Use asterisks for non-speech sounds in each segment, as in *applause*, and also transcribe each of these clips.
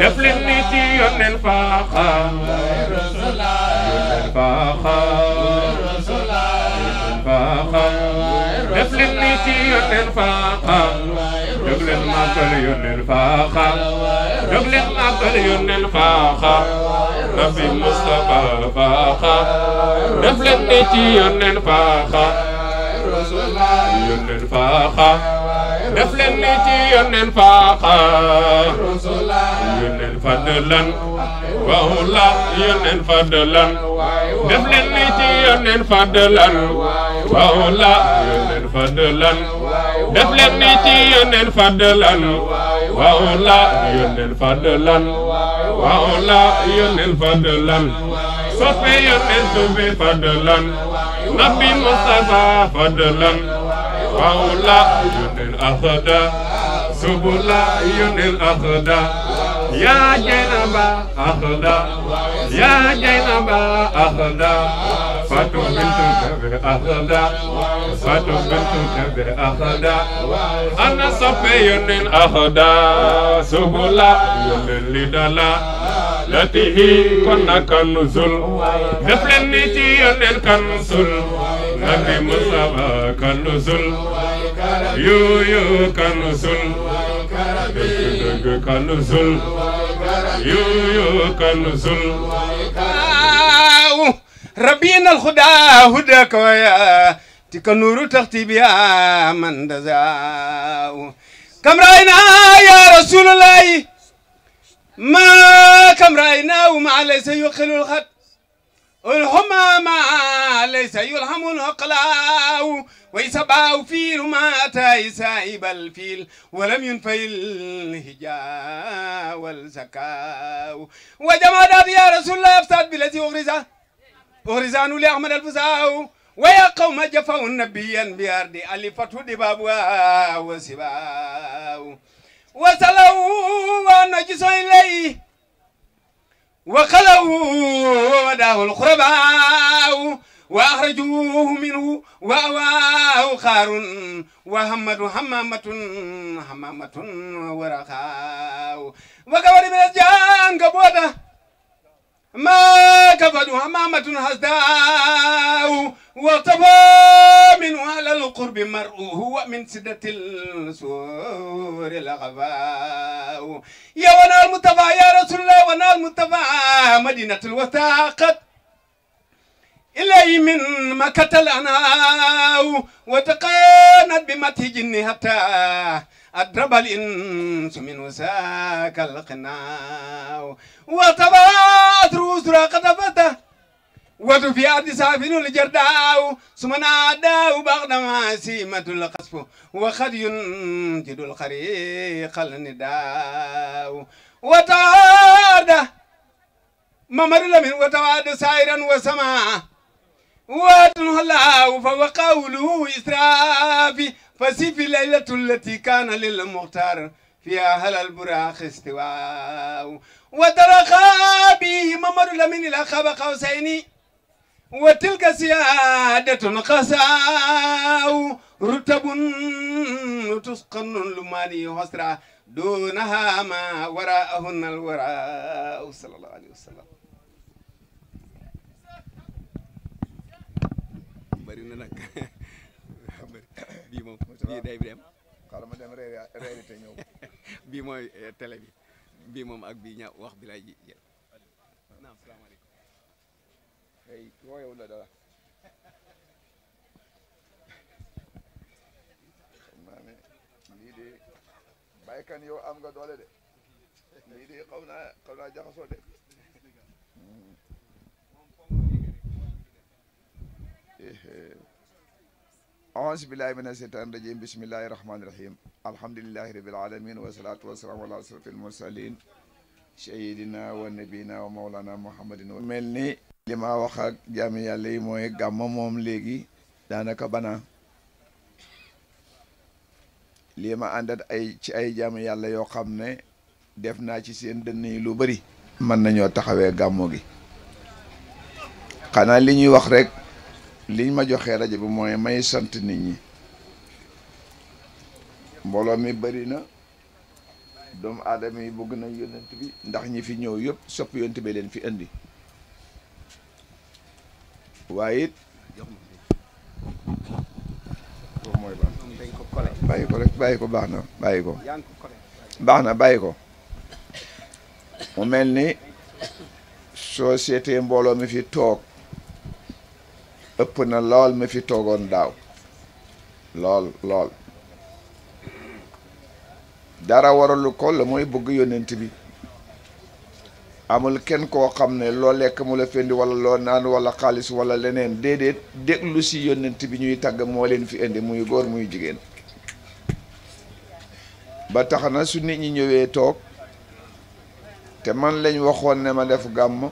def leen ni ci yónneel faaxa yónneel faaxa yónneel faaxa def leen ni ci yónneel faaxa jóg leen màggal yónneel faaxa jóg leen màggal yónneel faaxa nabi Mustafa faaxa def leen ni ci yónneel faaxa yónneel faaxa def leen ni ci yónneen faaxa yónneen fadlan wa la yónneen fadlan def leen ni ci yónneen fadlan wa la yónneen fadlan def leen ni ci yónneen fadlan wa la yónneen fadlan wa la yónneen fadlan soppe yónneen tubi fadlan nabi Mustafa fadlan مولى يونل أخدا سبلا يونل أخدا يا جنبا أخدا يا جنبا أخدا فاتو بنت كبر أخدا فاتو بنت كبر أخدا أنا صفي يونل أخدا سبلا يونل لدلا لتهي كنا كنزل دفلني تي يونل كنزل nabi Mustafa kanusul nusul yu yu kanusul nusul dëgg dëgg kan nusul yu yu kan nusul الخدا هداك ويا تك نور تختي بها من دزاو كم راينا يا رسول الله ما كم راينا وما عليه سيقل الخط الحمى ما ليس يلهم الأقلاو ويسبع فيل ما تايسائب الفيل ولم ينفي الهجاء والزكاء وجمادات يا رسول الله أفساد بلتي أغرزا أغرزان لأحمد الفزاو ويا قوم جفوا نبيا بأرض ألفته دبابها وسباو وسلوا ونجسوا إليه وخلوا وداه الخرباء وأخرجوه منه وأواه خار وهمد همامة همامة ورخاء وقبر من الجان قبوته ما كفد همامة هزداء وطبا من على القرب مرؤه من سدة السور الغباء يا ونا المتبع يا رسول الله ونا المتبع مدينة الوثاقة إلي من مكة الأناو وتقانت بمته جني حتى أدرب الإنس من وساك القناو وطبا وتبعت رؤوس فتاه في عبد سافن لجرداو سمنا داو بغدا ما سيمة القصف وقد ينجد الخريق لنداو وتعاد ممر لمن وتعاد سائرا وسما واتنه الله فوقوله إسرافي فسيف الليلة التي كان للمختار فيها هل البراخ استواء ودرخا به ممر لمن الأخ قوسين وتلك سيادة قساو رتب تسقن لماني حسرا دونها ما وراءهن الوراء صلى الله عليه وسلم برينا لك moom bii day dem xaaral bi moom ak bii ña wax bi هي إيه، جوايا ولا لا؟ mami lii de baykan yow am nga doole de lii de xaw naa xaw naa jaxasoo أعوذ بالله من الشيطان الرجيم بسم الله الرحمن الرحيم الحمد لله رب العالمين والصلاة والسلام على أشرف المرسلين سيدنا ونبينا ومولانا محمد ملني li ma wax ak jaami yàlla yi mooy gàmma moom léegi daanaka bana lii ma àndat ay ci ay jaami yàlla yoo xam ne def naa ci seen dënn yi lu bari mën nañoo taxawee gàmmu gi xanaa li ñuy wax rek liñ ma joxee rajo bi mooy may sant nit ñi mbooloo mi bari na doomu aadama yi bëgg na yonent bi ndax ñi fi ñëw yëpp sopp yonent bi leen fi indi waaye it mooy ba bàyyi ko rek bàyyi ko baax na bàyyi ko baax na bàyyi ko mu mel ni société mbooloo mi fi toog ëpp na lool mi fi toogoon daaw lool lool dara waralu ko la mooy bëgg yónnent bi amul kenn koo xam ne loo lekk mu la fendi wala loo naan wala xaalis wala leneen déedéet déglu si yónnent bi ñuy tàgg moo leen fi indi muy góor muy jigéen ba tax na su nit ñi ñëwee toog te man lañ waxoon ne ma def gàmm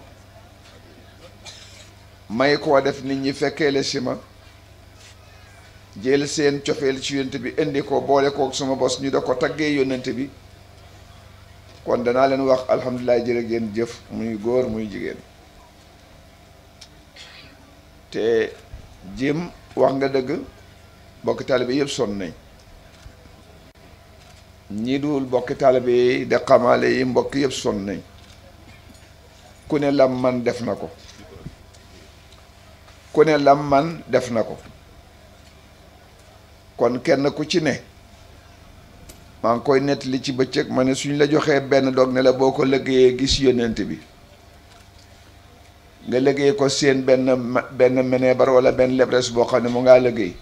may koo def nit ñi fekkee la si ma jël seen cofeel ci yónnent bi indi ko boole kook suma bos ñu da ko taggee yónnent bi kon danaa leen wax alhamdulilah jërë ngeen jëf muy góor muy jigéen te jim wax nga dëgg bokki taalibe yëpp sonn nañ ñi dul bokki taalibe yi de xamaale yi mbokk yëpp son nañ ku ne lam man def na ko ku ne lam man def na ko kon kenn ku ci ne maa ngi koy nettali ci ba bëccëg ma ne suñ la joxee benn dog ne la boo ko liggéeyee gis yónnent bi nga liggéey ko seen benn benn meneebar wala benn lebres boo xam ne mu ngaa liggéey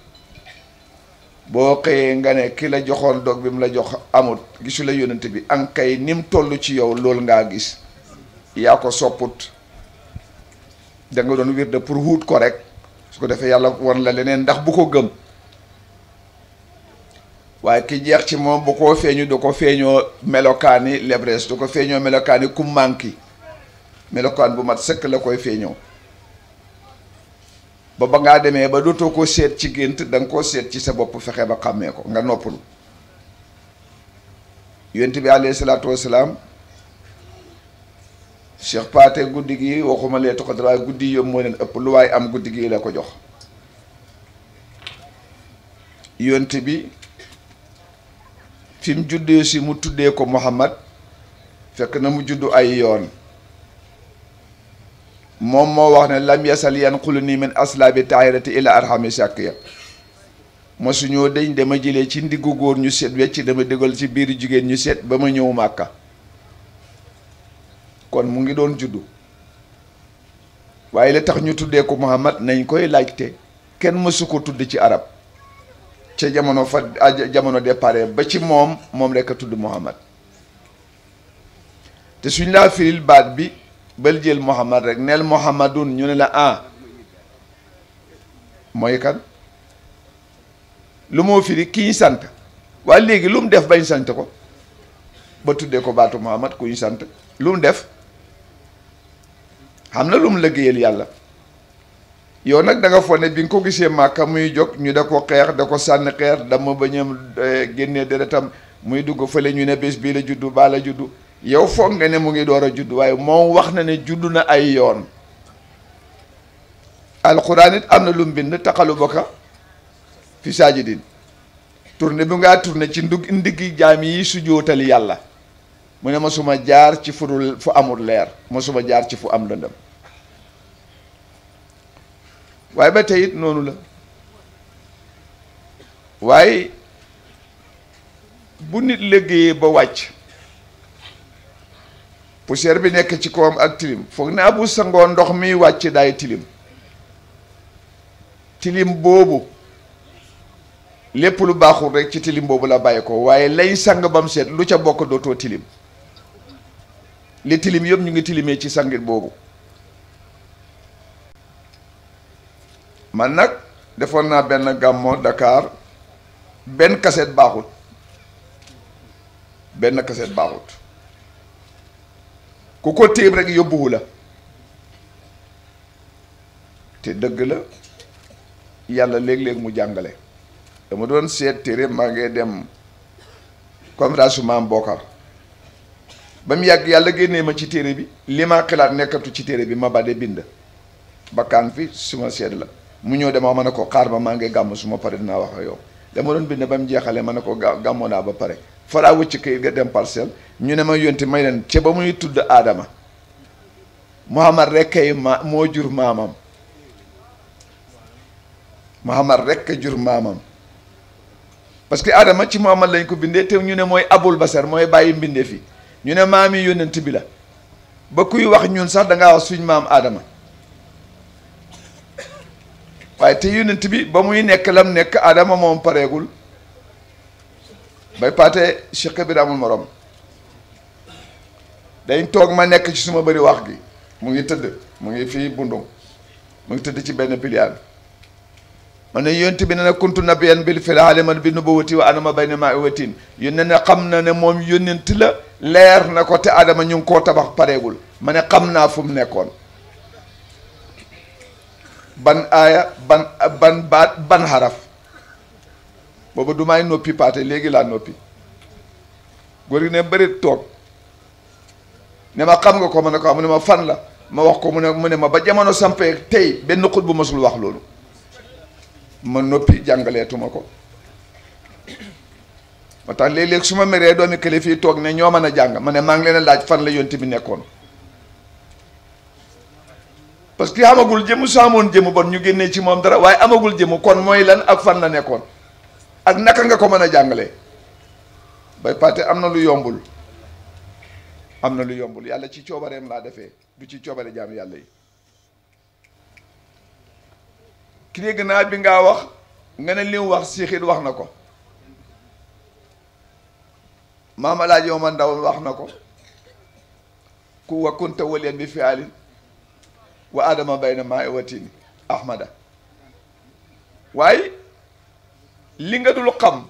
boo xëyee nga ne ki la joxoon dog bi mu la jox amut gisu la yónnent bi ankay ni mu toll ci yow loolu ngaa gis yaa ko sopput da nga doon wirde pour wuut ko rek su ko defee yàlla won la leneen ndax bu ko gëm waaye ki jeex ci moom bu ko feeñu du ko feeñoo melokaani lebres du ko feeñoo melokaani ku manki melokaan bu mat sëkk la koy feeñoo ba ba ngaa demee ba dootoo ko seet ci gént da koo seet ci sa bopp fexe ba xàmmee ko nga noppalu yonent bi alayhi salaatu wasalaam Cheikh Paate guddi gi waxuma lee toxat waaye guddi yom moo leen ëpp lu waaye am guddi gi la ko jox yonent bi fi mu juddee si mu tuddee ko Muhammad fekk na mu juddu ay yoon moom moo wax ne lam yasal yanqulu nii min aslaabi taahirati ila arhami shakya ma suñoo dañ dama jëlee ci ndiggu góor ñu set wecc dama dégal ci biiru jigéen ñu set ba ma ñëw màkka kon mu ngi doon juddu waaye li tax ñu tuddee ko Muhammad nañ koy laajte kenn mësu ko tudd ci arab ca jamono fa jamono dépare ba ci moom moom rek a tudd Muhammad te suñ laa firil baat bi bal jël Muhammad rek neel Muhammadun ñu ne la ah mooy kan lu moo firi ki ñu sant waa léegi lu mu def bañ sant ko ba tuddee ko baatu Muhammad ku ñu sant lu mu def xam na lu mu lëggéeyal yàlla yow nak da nga fo ne bi nga ko gisé màkka muy jog ñu da ko xeex da ko sànn da dama bañam eh, génnee deretam muy dugg fële ñu ne bés bi la juddu baa la juddu yow fo nga ne mu ngi doora juddu judd mo wax na ne juddu na ay yoon alquran it amna na lu mbind takalu taxalu fi sajidin tourné bi nga tourné ci ndug indigi jami yi su jóotal yalla mu ne ma suma jaar ci fu amul leer ma suma jaar ci fu am lëndëm waaye ba tey it noonu la waaye bu nit liggéeyee ba wàcc poussière bi nekk ci kawam ak tilim foog naa bu sangoo ndox miy wàcc daay tilim tilim boobu lépp lu baaxul rek ci tilim boobu la bàyyi ko waaye lay sang bam seet lu ca bokk dootoo tilim li tilim yëpp ñu ngi tilimee ci sangit boobu man nag defoon naa benn gàmmo dakaar benn kaset baaxut benn kaset baaxut ku ko téeb rek yóbbuwu la te dëgg la yàlla léeg-léeg mu jàngale dama doon seet téere maa ngi dem conférence su ba mu yàgg yàlla génnee ma ci téere bi li ma xalaat nekkatu ci téere bi ma ba bind bakkaan fi suma seet la mu ñëw dama ma ne ko xaar ba maa ngi gàmm suma ma pare dinaa wax ak yow dama doon bind ba mu jeexalee ma ne ko gàmmoo naa ba pare faraa wëcc kayit ga dem parcel ñu ne ma yonti may leen ca ba muy tudd aadama muhammad rekk kay ma moo jur maamam muhammad rekk jur maamam parce que aadama ci muhammad lañ ko bindee te ñu ne mooy abul basar mooy bàyyi mbindee fi ñu ne maami yonent bi la ba kuy wax ñun sax dangaa wax suñ maam aadama waaye te yonent bi ba muy nekk lam nekk Adama moom pareegul bay paate Cheikh bi amul morom dañ toog ma nekk ci suma bëri wax gi mu ngi tëdd mu ngi fii bundung mu ngi tëdd ci benn piliyaan man ne yonent bi ne na kuntu nabiyan bil filaaliman bi nubuwati wa anama bayna maa iwatin yónne ne xam na ne moom yónnent la leer na ko te Adama ñu ngi koo tabax pareegul ma ne xam naa fu mu nekkoon ban aaya ban ban baat ban xaraf boobu du may noppi paate léegi laa noppi góor gi ne bëri toog ne ma xam nga ko ma ne ko am ne ma fan la ma wax ko mu ne mu ne ma ba jamono sampee tey benn xut bu masul wax loolu ma noppi jàngaleetuma ko moo tax léeg-léeg su ma meree doomi kële fii toog ne ñoo mën a jàng ma ne maa ngi leen a laaj fan la yonti bi nekkoon parce que amagul jëmu su amoon bon ñu génnee ci moom dara waaye amagul jëmu kon mooy lan ak fan la nekkoon ak naka nga ko mën a jàngalee bay paate am na lu yombul am na lu yombul yàlla ci coobareem laa defee du ci coobare jaam yàlla yi ki dégg naa bi nga wax nga ne li mu wax siixit wax na ko maam alaaji ma ndaw wax na ko ku wa kunta waliyan bi fi alin wa adama bayna maa wa tini waaye li nga dul xam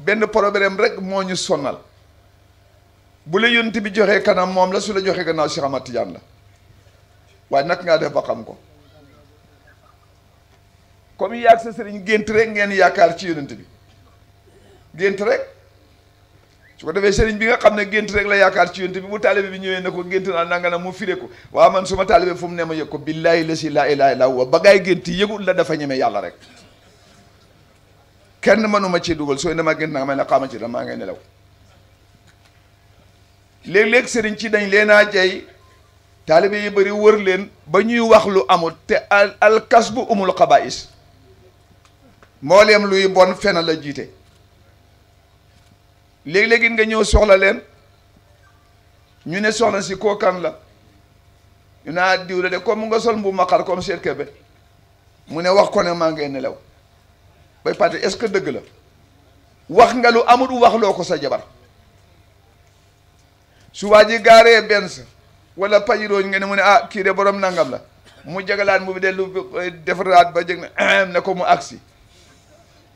benn problème rek moo ñu sonal bu la yonent bi joxee kanam moom la su la joxee gannaaw Cheikh Ahmad Tidiane la waaye nag ngaa def ba xam ko comme yaag sa sëriñ gént rek ngeen yaakaar ci yonent bi gént rek su ko defee sëriñ bi nga xam ne gént rek la yaakaar ci yonte bi bu taalibe bi ñëwee ne ko gént naa nanga na mu firé ko waaw man suma taalibe fu mu ne ma yëg ko billaahi la si laa ilaaha illa huwa ba gaay gént yëgul la dafa ñeme yàlla rek kenn mënuma ci dugal sooy dama gént nanga may la xaama ci da maa ngay nelaw léeg-léeg sëriñ ci dañ leen a jey taalibe yi bari wër leen ba ñuy wax lu amul te al alkas bu umul xabaais mbooleem luy bon fen la jiite léegi-léegi nga ñëw soxla leen ñu ne soxna si kan la ñu naa ah, diw la de comme mu nga sol mbu maqar comme Cheikh Kébé mu ne wax ko ne maa ngi nelaw bay pàtte est-ce que dëgg la wax nga lu amul wax ko sa jabar su waa ji benn wala pajirooñ nga ne mu ne ah kii de borom nangam la mu jagalaat mu bi dellu defaraat ba jeg na *clears throat* ne ko mu agsi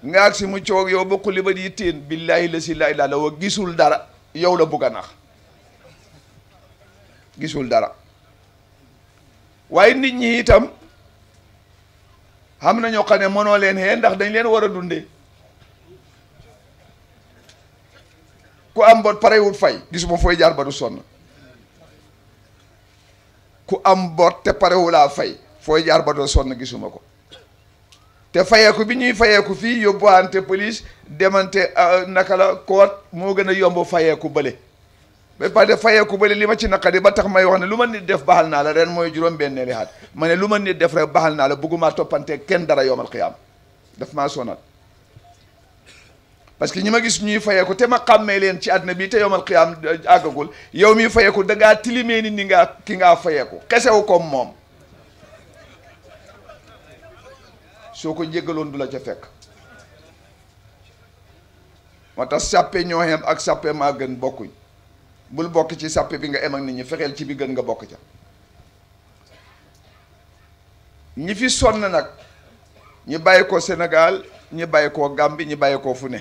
nga agsi mu coog yow bokku li ba di teen billahi la si laay la wa gisul dara yow la bugg nax gisul dara waaye nit ñi itam xam nañu xane xam ne mënoo leen xee ndax dañ leen wara dundé ku am bot paré parewul fay gisuma foy jaar ba du son ku am bot te paré la fay foy jaar ba do son gisuma ko te fayeeku bi ñuy fayeeku fii yóbbuwante police demante euh, naka la koot moo gën a yomb fayeeku bële ba pare fayeeku bële li ma ci naqari ba tax may wax ne lu ma nit def baxal naa la ren mooy juróom benneeli xaat ma ne lu ma nit def rek baxal naa la bëgguma toppante kenn dara yomal xiyaam daf maa sonal parce que ñi ma gis ñuy fayeeku te ma xàmmee leen ci àdduna bi te yomal xiyaam euh, àggagul yow mii fayeeku dangaa tilimee ni ni ki ngaa fayeeku xesew comme moom soo ko jéggaloon du la ca fekk moo tax sàppe ñoo ak sàppe maa gën bokkuñ bul bokk ci sàppe bi nga em ak nit ñi fexeel ci bi gën nga bokk ca ñi fi sonn nag ñi bàyyi ko Sénégal ñi bàyyi ko Gambie ñi bàyyi ko fu ne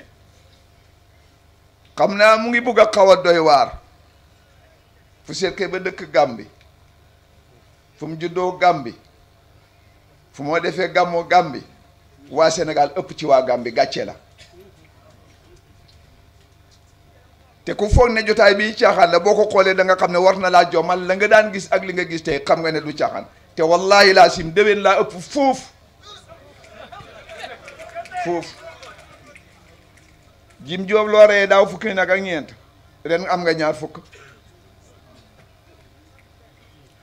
xam naa mu ngi bugg a xaw a doy waar fu seet kay ba dëkk Gambie fu mu juddoo Gambie fu moo defee gàmmoo bi waa Sénégal ëpp ci waa bi gàccee la te ku foog ne jotaay bi caaxaan la boo ko xoolee da nga xam ne war na laa jommal la nga daan gis ak li nga gis tey xam nga ne du caaxaan te wallahi laa sim déwén laa ëpp foofu foofu jim joob loo reyee daaw fukki nag ak ñeent ren am nga ñaar fukk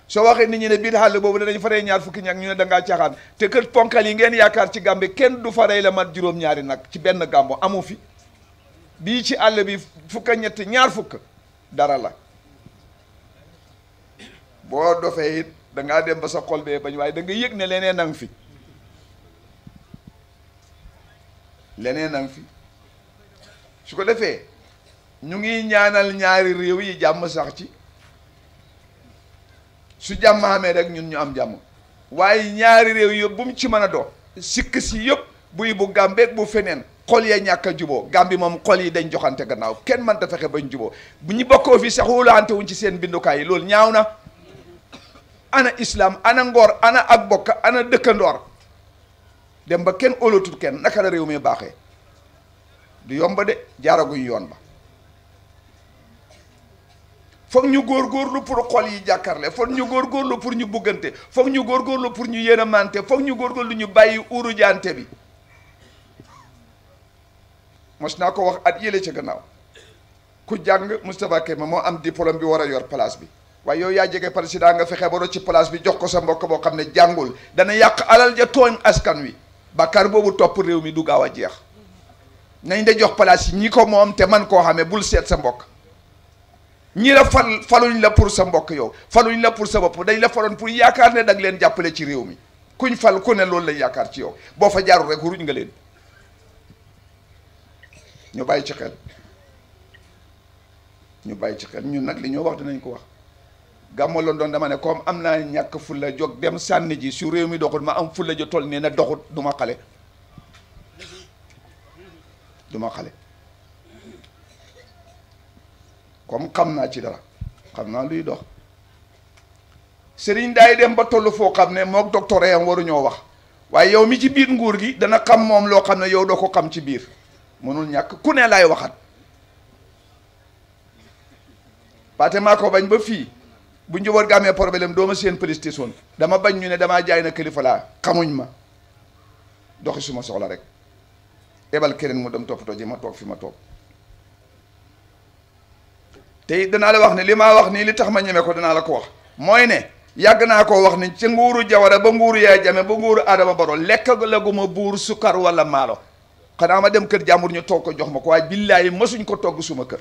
soo waxee nit ñi ne biir xàll boobu danañ faree ñaar fukki ñag ñu ne da ngaa caaxaan te kër ponkal yi ngeen yaakaar ci gàmbe kenn du faree la mat juróom-ñaari nag ci benn gàmbo amu fi bii ci àll bi fukka ñett ñaar fukk dara la boo dofee it da dem ba sa xol bee bañ waaye da nga yëg ne leneen nang fi leneen nang fi su ko defee ñu ngi ñaanal ñaari réew yi jàmm sax ci su jàmm amee rek ñun ñu am jàmm waaye ñaari réew yëpp bu mu ci mën a do sikk si yëpp buy bu Gàmbeeg bu feneen xol yee ñàkk a juboo bi moom xol yi dañ joxante gannaaw kenn mën ta fexe bañ juboo bu ñu bokkoo fii sax wóolaante wuñ ci seen bindukaay loolu ñaaw na ana islaam ana ngoor ana ak bokk ana dëkkandoor dem ba kenn óolatul kenn naka la réew mi baaxee du yomb de jaaraguñ yoon ba foog ñu góor góor lu pour xol yi jàkkaarle foog ñu góor góorgóorlu pour ñu buggante foog ñu góorgóorlu pour ñu yërëmante foog ñu góorgóorlu ñu bàyyi urujante bi mos naa ko wax at yële ca gannaaw ku jàng Moustapha Kéema moo am diplôme bi war a yor place bi waaye yow yaa jege daa nga fexe ba ci place bi jox ko sa mbokk boo xam ne jàngul dana yàq alal ja tooñ askan wi bàkkaar boobu topp réew mi du gaaw a jeex nañ de jox place yi ñi ko moom te man koo xamee bul seet sa mbokk ñi la fal faluñ la pour sa mbokk yow faluñ la pour sa bopp dañ la faloon pour yaakaar ne danga leen jàppale ci réew mi kuñ fal ku ne loolu lañ yaakaar ci yow boo fa jaarul rek ruñ nga leen ñu bàyyi ci xel ñu bàyyi ci xel ñun nag li ñoo wax dinañ ko wax gàmmo loon doon dama ne comme am naa ñàkk fulla jog dem sànni ji su réew mi doxut ma am fulla ji toll nee na doxut du ma xale duma xale comme xam naa ci dara xam naa luy dox sëriñ daay dem ba toll foo xam ne mook docteur yam waruñoo wax waaye yow mi ci biir nguur gi dana xam moom loo xam ne yow doo ko xam ci biir mënul ñàkk ku ne laay waxat paate maa bañ ba fii bu njaboot ga amee problème doo ma seen police station dama bañ ñu ne damaa jaay na kilifa laa xamuñ ma doxi suma soxla rek ebal keneen mu dem toppatoo ji ma toog fi ma toog te danaa la wax ne li maa wax nii li tax ma ñeme ko danaa la ko wax mooy ne yàgg naa koo wax ni ci nguuru jawara ba nguuru yaay jame ba nguuru Adama Baro lekk la gu ma buur sukar wala maalo xanaa ma dem kër jàmbur ñu toog ko jox ma ko waaye billaahi mësuñ ko togg suma kër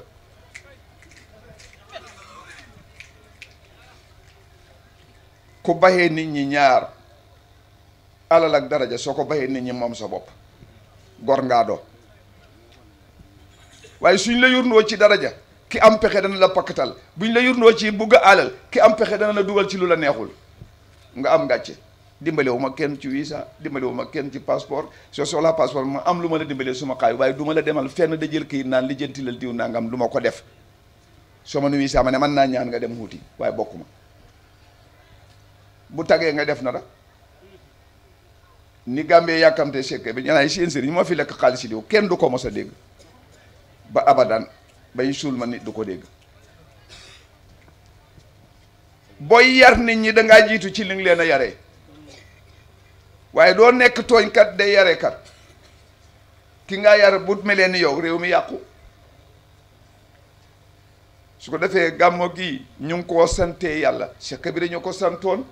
ku baxee nit ñi ñaar alal ak daraja soo ko baxee nit ñi moom sa bopp gor ngaa doo waaye suñ la yurnoo ci daraja ki am pexe dana la bu buñ la yurnoo ci bugg alal ki am pexe dana la dugal ci lu la neexul nga am ngàcce dimbalewu ma kenn ci visa dimbalewu ma kenn ci passeport soo soxlaa passeport ma am lu ma la dimbalee suma xaayu waaye du ma la demal fenn da jël këyit naan lijjanti la diw nangam du ma ko def soo ma nu visa ma ne man naa ñaan nga dem wuuti waaye bokk ma bu tagee nga def na da ni gàmbee yàkkamte sekke bi ñanaay seen sëriñ moo fi lekk xaalis si diw kenn du ko mos a dégg abadan bay suul ma nit du ko dégg booy yar nit ñi dangaa jiitu ci li nga leen a yare waaye doo nekk tooñkat day kat ki nga yar bu melee yow réew mi yàqu su ko defee gàmmoo gi ñu ngi koo santee yàlla Cheikh bi dañu ko santoon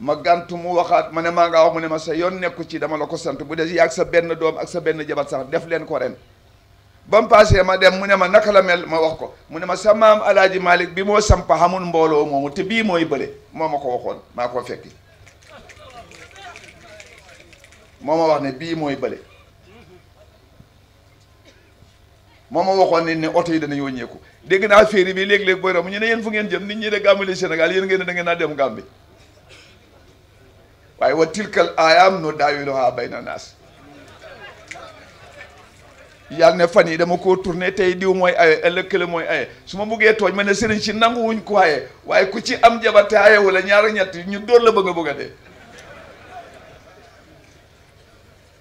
ma gàntu mu waxaat ma ne maa nga wax mu ne ma sa yoon nekku ci dama la ko sant bu dee ak sa benn doom ak sa benn jabar sax def leen ko ren ba paasee ma dem mu ne ma naka la mel ma wax ko mu ne ma sa maam alaaji Malick bi moo sampa xamul mbooloo moomu te bii mooy bële moo ma ko waxoon maa ko fekki moo ma wax ne bii mooy bële moo ma waxoon ne ne oto yi danañ wàññeeku dégg naa féeri bi léeg-léeg booy romb ñu ne yéen fu ngeen jëm nit ñi de gàmbale Sénégal yéen ngeen ne da ngeen naa dem Gàmbi waaye wa tilkal aayaam nu daawiluhaa bayna naas yàlla ne fan yi dama ko tourné tey diw mooy aye ëllëg kële mooy aye su ma buggee tooñ ma ne sëriñ si nanguwuñ ko aye waaye ku ci am jabar te aye wala ñaar ñett ñu dóor la ba nga bëgg a dee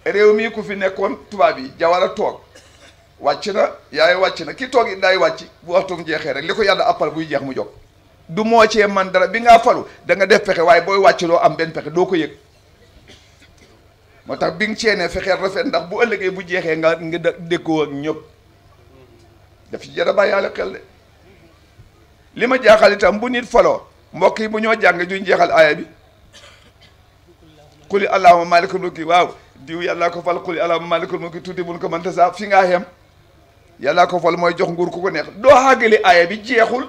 réew mii ku fi nekkoon tubaab yi jawar a toog wàcc na yaay wàcc na ki toog yi ndaay wàcc bu waxtum jeexee rek li ko yàlla appal buy jeex mu jóg du moo cee man dara bi ngaa falu da nga def pexe waaye booy wàcc loo am benn pexe doo ko yëg moo tax bi nga ceenee fexeel rafet ndax bu ëllëgee bu jeexee nga nga déggoo ak ñëpp daf ci jar a bàyyi yàlla xel de li ma jaaxal itam bu nit faloo mbokk yi bu ñoo jàng duñ jeexal aaya bi xuli allahuma maalikul mulki waaw diw yàllaa ko fal xuli allahuma maalikul mulki tuuti mun ko mënta saa fi ngaa xem yàllaa ko fal mooy jox nguur ku ko neex doo xàggale aaya bi jeexul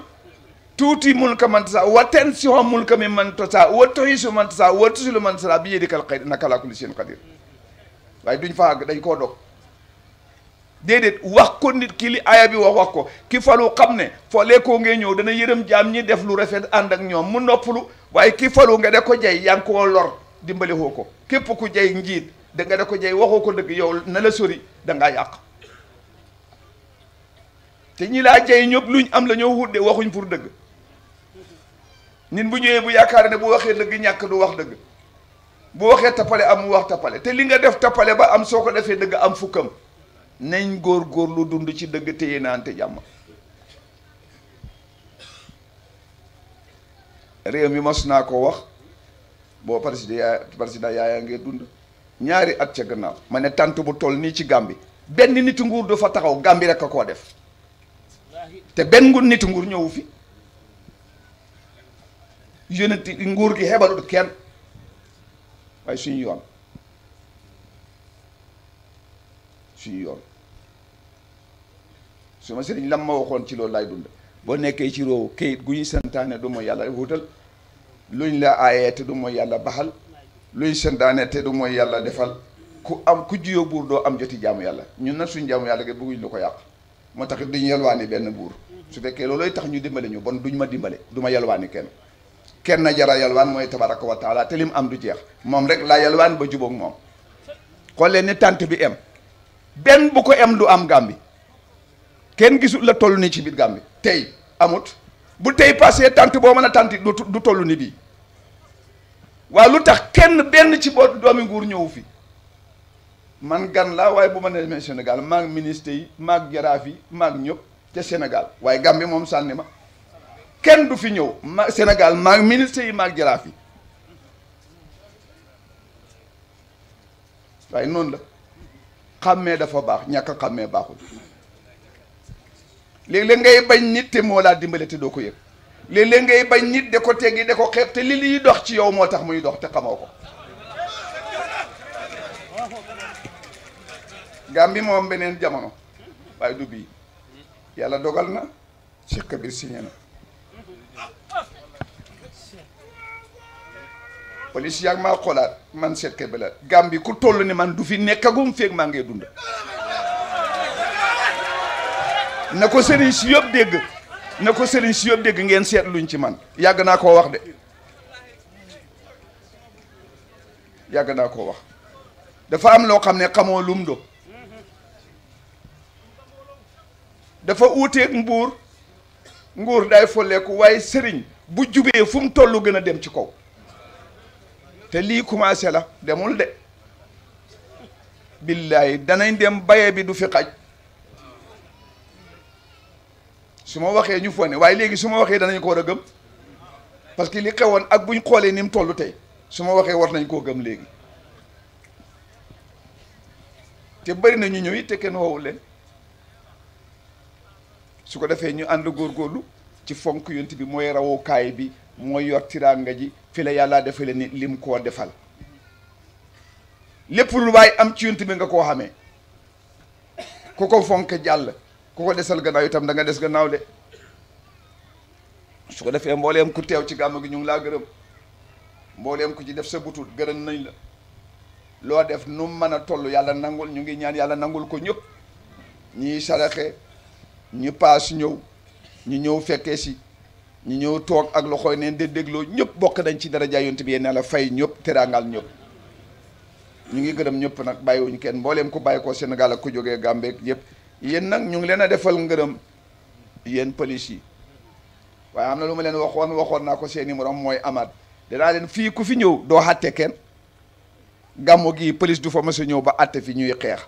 tuuti mulka man tasa wa tansihu mulka mimman tasa wa tuhisu man tasa wa tusilu man tasa bi yadika alqaid innaka ala kulli shay'in qadir way duñ fa ag dañ ko dok dedet wax ko nit ki li aya bi wax wax ko ki falu xamne fo le ko nge ñew dana yërëm jam ñi def lu rafet and ak ñom mu noppulu way ki falu nga de ko jey yang ko lor dimbali hoko ko ku jey njit da nga de ko jey waxo ko deug yow na la sori da nga yaq te ñi la jey ñop luñ am la ñoo waxuñ pour deug nit bu ñëwee bu yaakaar ne bu waxee dëgg ñàkk du wax dëgg bu waxee tappale am mu wax tappale te li nga def tappale ba am soo ko defee dëgg am fukkam nañ góor góor lu dund ci dëgg te yéenaante jàmm réew mi mas naa ko wax boo président yaaya président yaaya ngee dund ñaari at ca gannaaw ma ne tànt bu toll nii ci Gàmbi benn nitu nguur du fa taxaw Gàmbi rek a koo def te benn ngu nitu nguur ñëwu fi yonent nguur gi xebalut kenn waaye suñu yoon suñu yoon su ma sëriñ lam ma waxoon ci loolu laay dund boo nekkee ci réew kayit gu ñu santaane du mooy yàlla wutal luñ la aayee te du mooy yàlla baxal luñ santaane te du mooy yàlla defal ku am ku jiyoo buur doo am joti jaamu yàlla ñun nag suñ jaamu yàlla gi bëgguñ lu ko yàq moo tax duñu yalwaani benn buur su fekkee loolooy tax ñu dimbale ñu bon duñ ma dimbale du ma yalwaani kenn kenn jara yalwaan mooy tabaraka wa taala te am du jeex moom rek laa yalwaan ba jubóog moom xool leen ni tànt bi em benn bu ko em du am gàmbi kenn gisul la toll nii ci biir gàmbi tey amut bu tey passé tànt boo mën a tànt du toll ni bii waaw lu tax kenn benn ci boo doomi nguur ñëwu fi man gan laa waaye bu ma nee Sénégal maag ministre yi maag jaraaf yi maag ñëpp ca Sénégal waaye gàmbi moom sànni ma kenn du fi ñëw ma Sénégal maag ministre yi maag jaraaf yi waaye noonu la xàmmee dafa baax ñàkk a xàmmee baaxul léeg-léeg ngay bañ nit te moo laa dimbale te doo ko yëg léeg-léeg ngay bañ nit de ko teggi de ko xeeb te li liy dox ci yow moo tax muy dox te xamoo ko Gàmbi moom beneen jamono waaye du bii yàlla dogal na Cheikh si signé na police yàgg maa xoolaat man seet kay bala gàm bi ku toll ni man du fi nekkagum feeg maa ngi dund na ko sëriñ si yëpp dégg na ko sëriñ si yëpp dégg ngeen seet luñ ci man yàgg naa koo wax de yàgg naa koo wax dafa am loo xam ne xamoo lum do dafa uuteeg mbuur nguur day folleeku waaye sëriñ bu jubee fu mu toll gën a dem ci kaw te lii commencé la demul de billaay danañ dem baye bi du fi xaj su ma waxee ñu fone waaye léegi su ma waxee danañ ko war a gëm parce que li xewoon ak bu ñu xoolee ni mu toll tey su ma waxee war nañ koo gëm léegi te bari nañu ñëw it te kenn woowu leen su ko defee ñu ànd góorgóorlu ci fonk yont bi mooy rawukaay bi moo yor nga ji fi la yàlla defale ni lim koo defal lépp lu waay am ci yunt bi nga koo xamee ku ko fonk jàll ku ko desal gannaaw itam da nga des gannaaw de su ko defee mbooleem ku teew ci gàmm gi ñu ngi laa gërëm mbooleem ku ci def sa butul gërëm nañ la loo def nu mën a toll yàlla nangul ñu ngi ñaan yàlla nangul ko ñëpp ñi saraxe ñu paas ñëw ñu ñëw fekkee si ñu ñëw toog ak loxooy neen de dégloo ñëpp bokk nañ ci daraja yonent bi yéen la fay ñëpp teraangal ñëpp ñu ngi gërëm ñëpp nag bàyyiwuñu kenn mbooleem ku bàyyi ko Sénégal ak ku jógee Gambie ak yëpp yéen nag ñu ngi leen a defal ngërëm yéen police yi waaye am na lu ma leen waxoon waxoon naa ko seeni moroom mooy amaat danaa leen fii ku fi ñëw doo àtte kenn gàmmu gi police du fa mës ñëw ba àtte fi ñuy xeex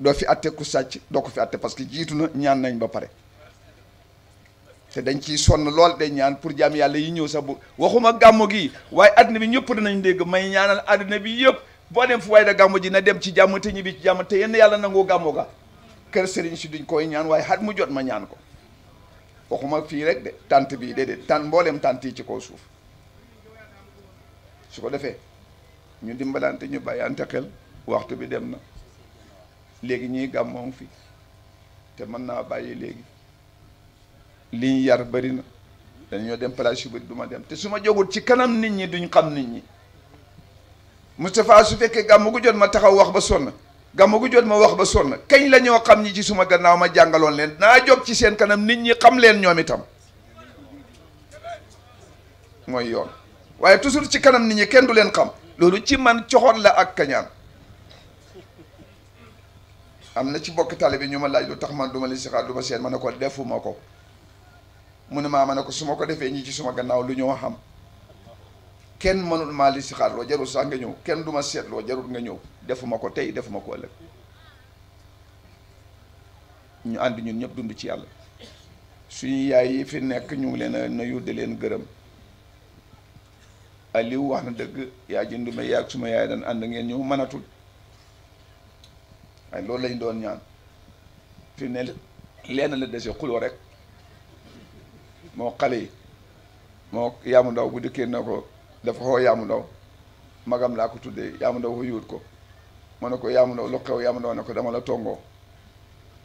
doo fi àtte ku sàcc doo ko fi àtte parce que jiitu na ñaan nañ ba pare te dañ ciy sonn lool day ñaan pour jaam yàlla yi ñëw sax bu waxuma gàmmu gi waaye àddina bi ñëpp danañ dégg may ñaanal àddina bi yëpp boo dem fu waaye da gàmmu ji na dem ci jàmm te ñibbi ci jàmm te yenn yàlla nangoo gàmmu ga kër sëriñ si duñ koy ñaan waaye xat mu jot ma ñaan ko waxuma fii rek de tànt bii déedéet tànt mboolem tànt yi ci kaw suuf su ko defee ñu dimbalante ñu bàyyante xel waxtu bi dem na léegi ñuy gàmmoom fii te mën naa bàyyi léegi li ñu yar bëri na dañoo dem place yu bëri du ma dem te su ma jógul ci kanam nit ñi duñ xam nit ñi Moustapha su fekkee gàmmu gu jot ma taxaw wax ba sonn gàmmu gu jot ma wax ba sonn kañ la ñoo xam ñi ci suma gannaaw ma jàngaloon leen naa jóg ci seen kanam nit ñi xam leen ñoom itam mooy yoon waaye toujours ci kanam nit ñi kenn du leen xam loolu ci man coxoon la ak kañaan am na ci bokk tali bi ñu ma laaj lu tax man du ma li sixaar du seen ma ne ko defuma ko mu ne maa ma ne ko su ma ko defee ñi ci suma gannaaw lu ñoo xam kenn mënul maa li si xaarloo jarul sax nga ñëw kenn du ma seetloo jarul nga ñëw defuma ko tey defuma ko ëllëg ñu ànd ñun ñëpp dund ci yàlla suñu yaay yi fi nekk ñu leen a nuyu di leen gërëm Aliou wax na dëgg yaa jënduma yaag suma yaay daan ànd ngeen ñëw mënatul waaye loolu lañ doon ñaan fi ne leen la dese xuloo rek moo xale yi moo yaamu ndaw bu dikkee na ko dafa xoo yaamu ndaw magam laa ko tuddee yaamu ndaw xuyuut ko mu ne ko yaamu ndaw lu xew yaamu ndaw ne ko dama la tongoo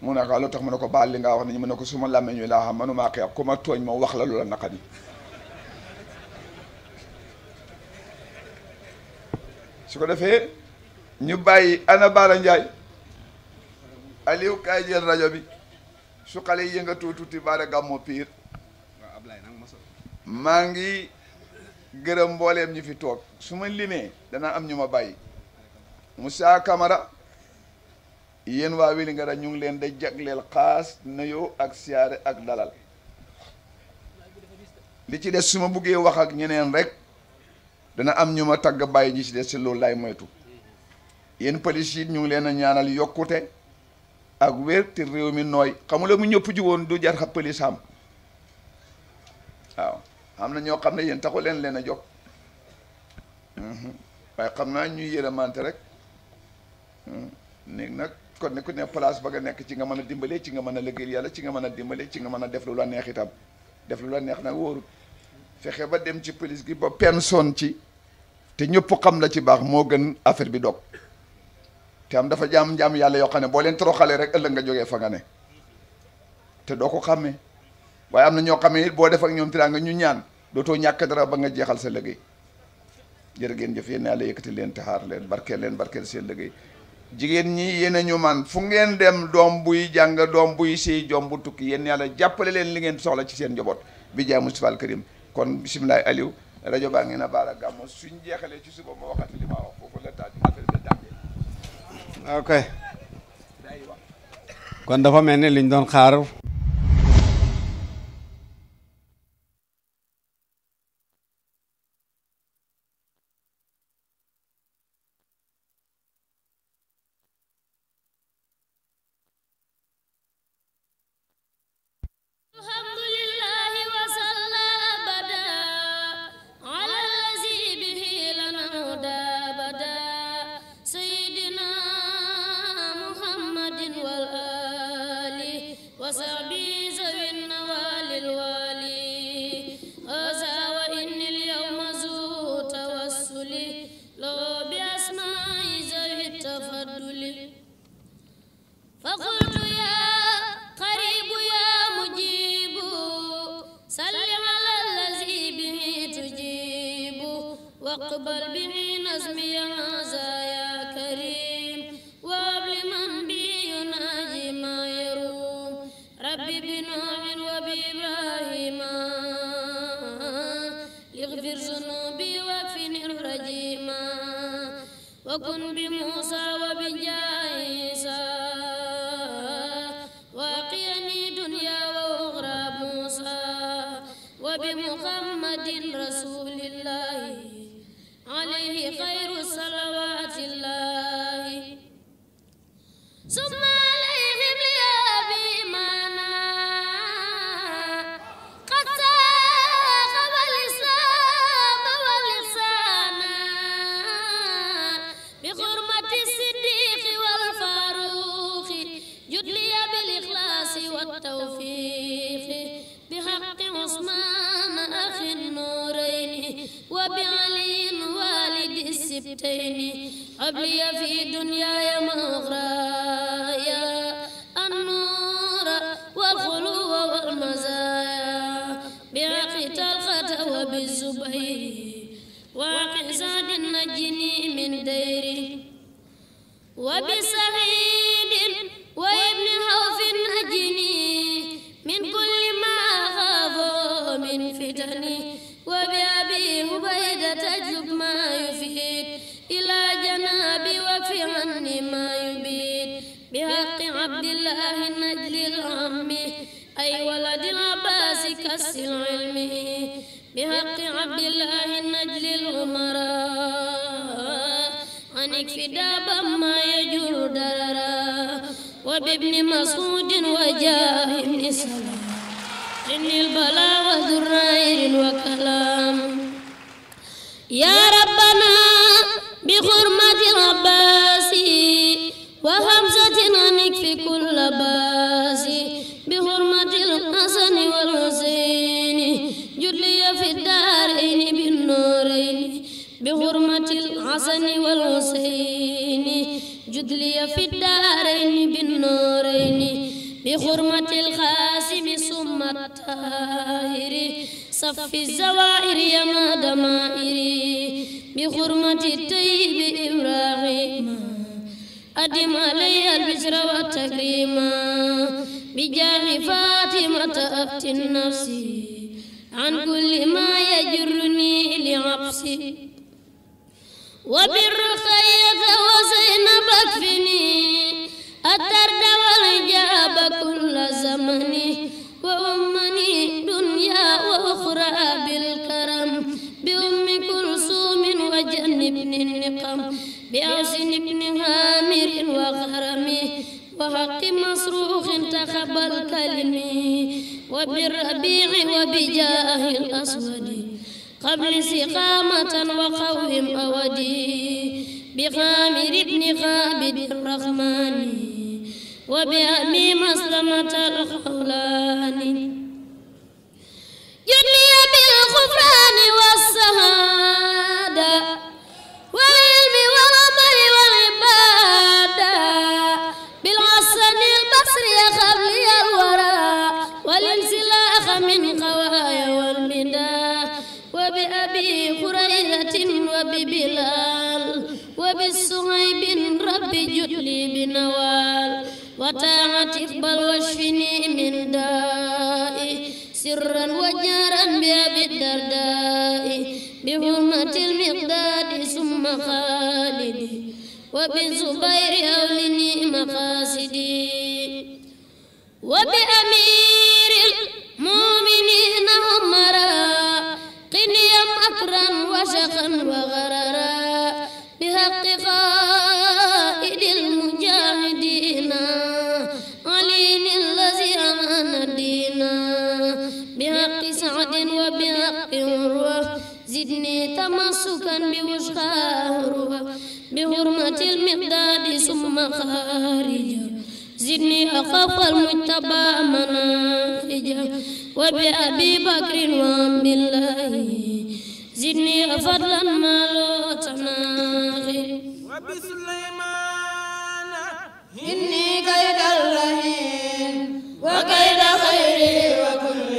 mu ne ko lu tax mu ne ko baal li nga wax nañu mu ne ko suma làmmeñ wi laa xam manumaa xeex ko ma tooñ ma wax la lu la naqadi su ko defee ñu bàyyi ana Baara Ndiaye Aliou kaay jël rajo bi su xale yi yëngatu tuuti Baara Gàmmu Pire maa ngi gërëm mbooleem ñi fi toog su ma limee danaa am ñu ma bàyyi Moussa kamara yéen waa Vélingara ñu ngi leen da jagleel xaas nuyoo ak siyaare ak dalal li ci des su ma buggee wax ak ñeneen rek dana am ñu ma tagg bàyyi ñi ci des si loolu laay moytu yéen police ñu ngi leen a ñaanal yokkute ak wér te réew mi nooy xamula mu ñëpp ji woon du jar xa waaw am na ñoo xam ne yéen taxu leen leen a jóg mhm. waaye xam naa ñuy yërëmante rek mhm. néeg nag kon ne ne place ba nga nekk ci nga mën a dimbalee ci nga mën a liggéeyal yàlla ci nga mën a dimbalee ci nga mën a def lu la neex itam def lu la neex nag wóorut fexe ba dem ci police gi ba personne ci te ñëpp xam la ci baax moo gën affaire bi dog te am dafa jaam jaam yàlla yoo xam ne boo leen toroxalee rek ëllëg nga jógee fa nga ne te doo ko xàmmee waye amna ño xamé xam nit boo def ak ñoom tiraanga ñu ñaan dootoo ñak dara ba nga jéxal sa liggéey jërë ngeen jëf yeen yàlla yëkëti leen tahar leen barké leen barké seen liggéey jigen ñi yéen ñu man fu ngeen dem dom buy jang dom buy sey jom bu tukki yeen yàlla jappalé leen li ngeen soxla ci seen jobot bi jaamu Moustapha al Karim kon bismillah Aliou radio ba ngeena na baara gàmmo suñ jeexalee ci suba mo waxati li ma wax foofu la taal affaire bi tàmbee ok kon dafa melni liñ doon xaar رب بنوح وبإبراهيم اغفر ذنوبي وفني الرجيم وكن بموسى وبجاه لي في دنياي مغرايا النور والخلو والمزايا بعقد الخطا وبالزبير وعقد سعد نجني من ديري وبسعيد لها من أي ولد العباس كسر العلم بحق عبد الله النجل الأمراء عن اكفداء ما يجر دررا وبابن مسعود وجاه ابن سلام إن البلاء وذو وكلام يا ربنا بحرمة ربنا كل باس بحرمة الحسن والحسين جلي في الدارين بالنورين بحرمة الحسن والحسين جدلي في الدارين بالنورين بحرمة الخاسم ثم الطاهر صف الزوائر يا ما بحرمة الطيب إبراهيم أدم علي البشر والتكريم بجاه فاطمة أفتن نفسي عن كل ما يجرني لعبسي وبالرقية وزينب أكفني الترد والإجابة كل زمني وأمني دنيا وأخرى بالكرم بأم كلثوم وجنبني النقم بأوسن بن هامر وغرمه وحق مصروخ انتخب الكلم وبالربيع وبجاه الأسود قبل سقامة وقوم أودي بخامر بن خابد الرحمن وبأبي مسلمة الخولاني يدني بالغفران والسهادة من قوايا والبدع وبأبي هريرة وببلال وبالصهيب رب جدلي بنوال وطاعة اقبل واشفني من دائي سرا وجارا بأبي الدرداء بهمة المقداد ثم خالدي وبالزبير أولني مقاصدي وبأمين مخارجا زدني أخاف المجتبى منافج وبأبي بكر بالله زدني أفضل ما لا تناغي وبسليمان إني كيد الرهين وكيد خيري وكل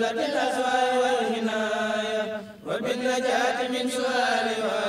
جملة الأسوار والهناية وبالنجاة من سؤال